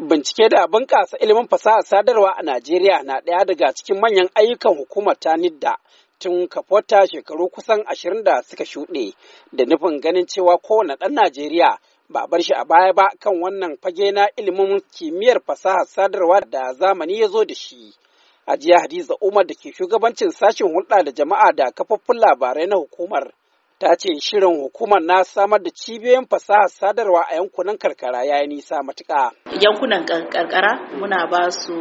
Bincike da bunƙasa ilimin fasahar sadarwa a Najeriya na ɗaya daga cikin manyan ayyukan hukumar ta NIDDA tun kafota shekaru kusan ashirin da suka shuɗe da nufin ganin cewa kowane ɗan Najeriya ba bar shi a baya ba kan wannan fage na ilimin kimiyyar fasahar sadarwa da zamani ya zo da shi. jiya Hadiza Umar da ke shugabancin sashen hulɗa da jama'a da kafofin labarai na hukumar ta ce shirin hukumar na samar da cibiyoyin fasaha sadarwa a yankunan karkara ya yi nisa matuƙa. Yankunan karkara muna ba su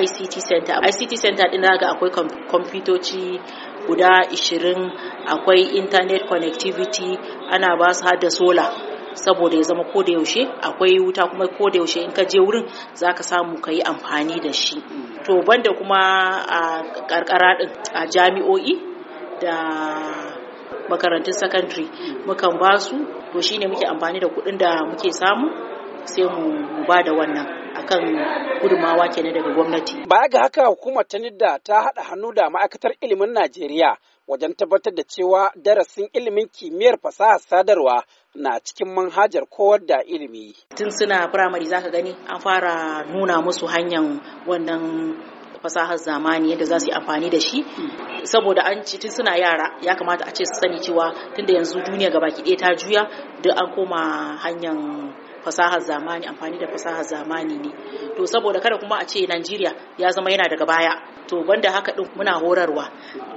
ICT Center. ICT Center ɗin ga akwai kwamfutoci guda 20 akwai internet connectivity ana ba su da sola saboda ya zama ko da yaushe akwai wuta kuma ko da yaushe in ka je wurin za zaka samu ka yi amfani da shi to banda kuma a karkara din a jami'o'i da makarantun secondary mukan ba su to shine muke amfani da kuɗin da muke samu sai mu ba da wannan akan gudumawa kenan daga gwamnati. Baya ga haka hukumar ta nidda ta haɗa hannu da ma'aikatar ilimin Najeriya wajen tabbatar da cewa darasin ilimin kimiyyar fasahar sadarwa na cikin manhajar kowar da ilimi. Tun suna firamare ka gani an fara nuna musu hanyar wannan fasahar zamani yadda za su yi amfani da shi hmm. saboda an ci tun suna yara ya kamata a ce su sani cewa tunda yanzu duniya gaba ki ta juya duk an koma hanyar fasahar zamani amfani da fasahar zamani ne to saboda kada kuma a ce Najeriya ya zama yana daga baya to banda haka din muna horarwa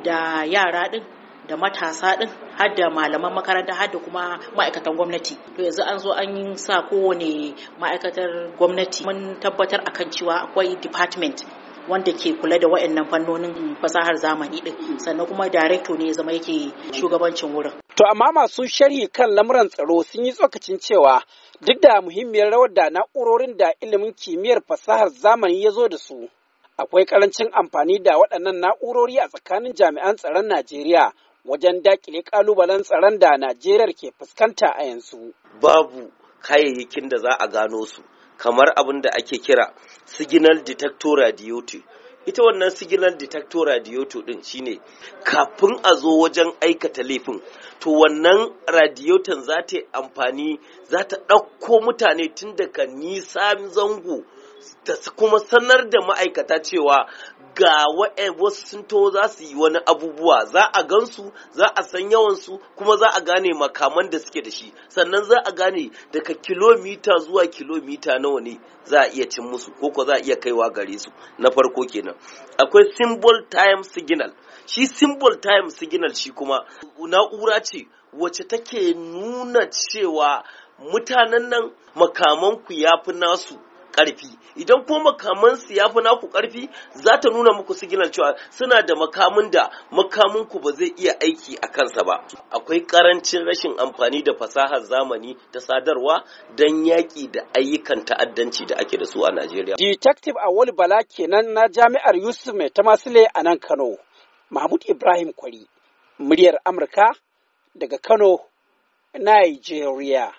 da yara din da matasa din har da malaman makaranta har da kuma ma'aikatan gwamnati to yanzu an zo an sa kowane ma'aikatar gwamnati mun tabbatar akan cewa akwai department wanda ke kula da waɗannan fannonin fasahar zamani din sannan kuma director ne ya zama yake shugabancin wurin to amma masu sharhi kan lamuran tsaro sun yi tsokacin cewa duk da muhimmiyar rawar da na'urorin da ilimin kimiyyar fasahar zamani ya zo da su akwai karancin amfani da waɗannan na'urori a tsakanin jami'an tsaron Najeriya wajen dakile ƙalubalen tsaron da Najeriya ke fuskanta a yanzu. Babu kayayyakin da za a gano su. kamar abin da ake kira signal detector radioto ita wannan signal detector radioto din shine kafin a zo wajen aikata laifin to wannan radioton za ta amfani za ta ɗauko mutane tun daga nisa zango ta kuma sanar da ma'aikata cewa ga wasu sun to za su yi wani abubuwa za a gansu za a san yawansu kuma za a gane makaman da suke da shi sannan za a gane daga kilomita zuwa kilomita nawa ne za a iya cin musu ko ko za a iya kaiwa gare su na farko kenan akwai symbol time signal shi symbol time signal shi kuma na'ura ce wacce take nuna cewa mutanen nan makamanku ya fi nasu ƙarfi idan ko makamansu ya fi naku ƙarfi za ta nuna muku siginar cewa suna da makamin da ku ba zai iya aiki a kansa ba akwai ƙarancin rashin amfani da fasahar zamani ta sadarwa don yaƙi da ayyukan ta'addanci da ake da su a Najeriya. Detective wani Bala kenan na jami'ar Yusuf Mai Tamasile a nan Kano. Mahmud Ibrahim Kwari, muryar Amurka daga Kano, Nigeria.